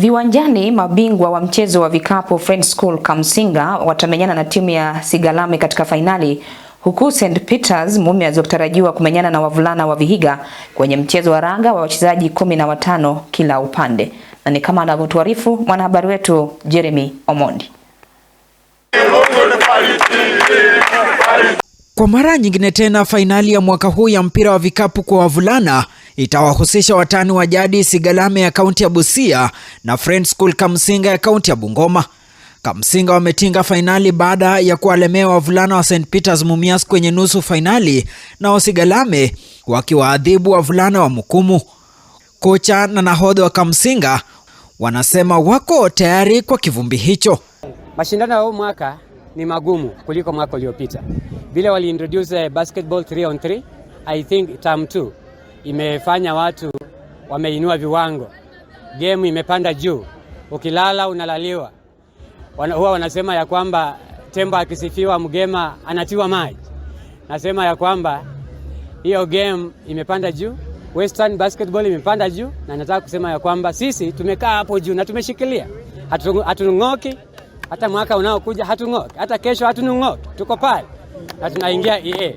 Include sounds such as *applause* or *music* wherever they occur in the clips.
Viwanjani, mabingwa wa mchezo wa vikapu Friends School Kamsinga watamenyana na timu ya Sigalame katika fainali, huku St Peters Mumias wakitarajiwa kumenyana na wavulana wa Vihiga kwenye mchezo wa raga wa wachezaji kumi na watano kila upande, na ni kama anavyotuarifu mwanahabari wetu Jeremy Omondi. Kwa mara nyingine tena, fainali ya mwaka huu ya mpira wa vikapu kwa wavulana itawahusisha watani wa jadi Sigalame ya kaunti ya Busia na Friend School Kamsinga ya kaunti ya Bungoma. Kamsinga wametinga fainali baada ya kuwalemea wavulana wa St Peters Mumias kwenye nusu fainali, na Wasigalame wakiwaadhibu wavulana wa Mukumu. Kocha na nahodha wa Kamsinga wanasema wako tayari kwa kivumbi hicho. Mashindano ya huu mwaka ni magumu kuliko mwaka uliopita, vile waliintroduce basketball 3 on 3 I think term imefanya watu wameinua viwango, game imepanda juu, ukilala unalaliwa. Wana, huwa wanasema ya kwamba tembo akisifiwa mgema anatiwa maji. Nasema ya kwamba hiyo game imepanda juu, Western Basketball imepanda juu, na nataka kusema ya kwamba sisi tumekaa hapo juu na tumeshikilia, hatung'oki hata mwaka unaokuja hatung'oki, hata kesho hatunung'oki, tuko pale na tunaingia EA.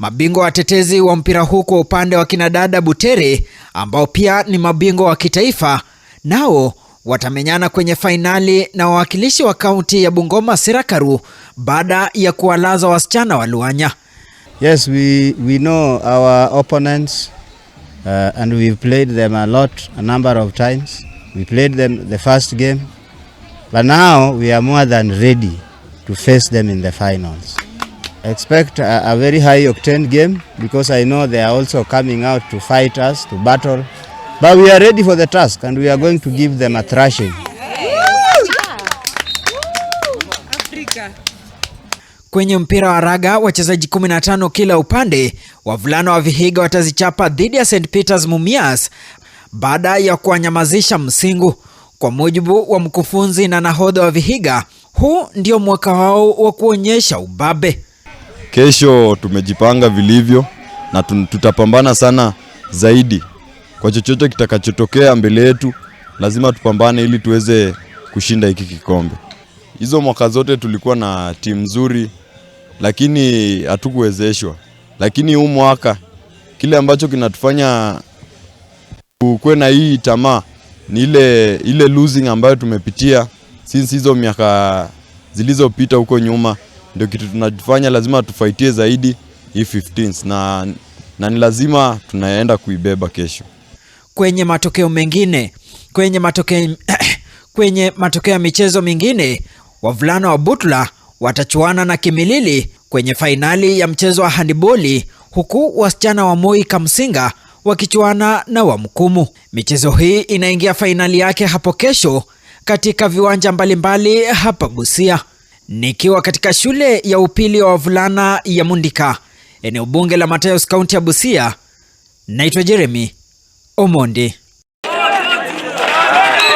Mabingwa watetezi wa mpira huu kwa upande wa kinadada Butere ambao pia ni mabingwa wa kitaifa nao watamenyana kwenye fainali na wawakilishi wa kaunti ya Bungoma Sirakaru baada ya kuwalaza wasichana wa Luanya. Yes, we, we know our opponents uh, and we've played them a lot, a number of times. We played them the first game, but now we are more than ready to face them in the finals expect a, a very high octane game because I know they are also coming out to fight us, to battle. But we are ready for the task and we are going to give them a thrashing. Kwenye mpira wa raga wachezaji 15 kila upande, wavulana wa Vihiga watazichapa dhidi ya St Peters Mumias baada ya kuwanyamazisha Msingu. Kwa mujibu wa mkufunzi na nahodha wa Vihiga, huu ndio mwaka wao wa kuonyesha ubabe. Kesho tumejipanga vilivyo na tutapambana sana zaidi. Kwa chochote kitakachotokea mbele yetu, lazima tupambane ili tuweze kushinda hiki kikombe. Hizo mwaka zote tulikuwa na timu nzuri, lakini hatukuwezeshwa. Lakini huu mwaka kile ambacho kinatufanya kuwe na hii tamaa ni ile, ile losing ambayo tumepitia since hizo miaka zilizopita huko nyuma ndio kitu tunafanya, lazima tufaitie zaidi hii 15 na, na ni lazima tunaenda kuibeba kesho. Kwenye matokeo mengine, kwenye matokeo *coughs* kwenye matokeo ya michezo mingine, wavulana wa Butula watachuana na Kimilili kwenye fainali ya mchezo wa handiboli, huku wasichana wa Moi Kamsinga wakichuana na Wamkumu. Michezo hii inaingia fainali yake hapo kesho katika viwanja mbalimbali mbali hapa Busia. Nikiwa katika shule ya upili wa wavulana ya Mundika, eneo bunge la Matayos, kaunti ya Busia, naitwa Jeremy Omondi.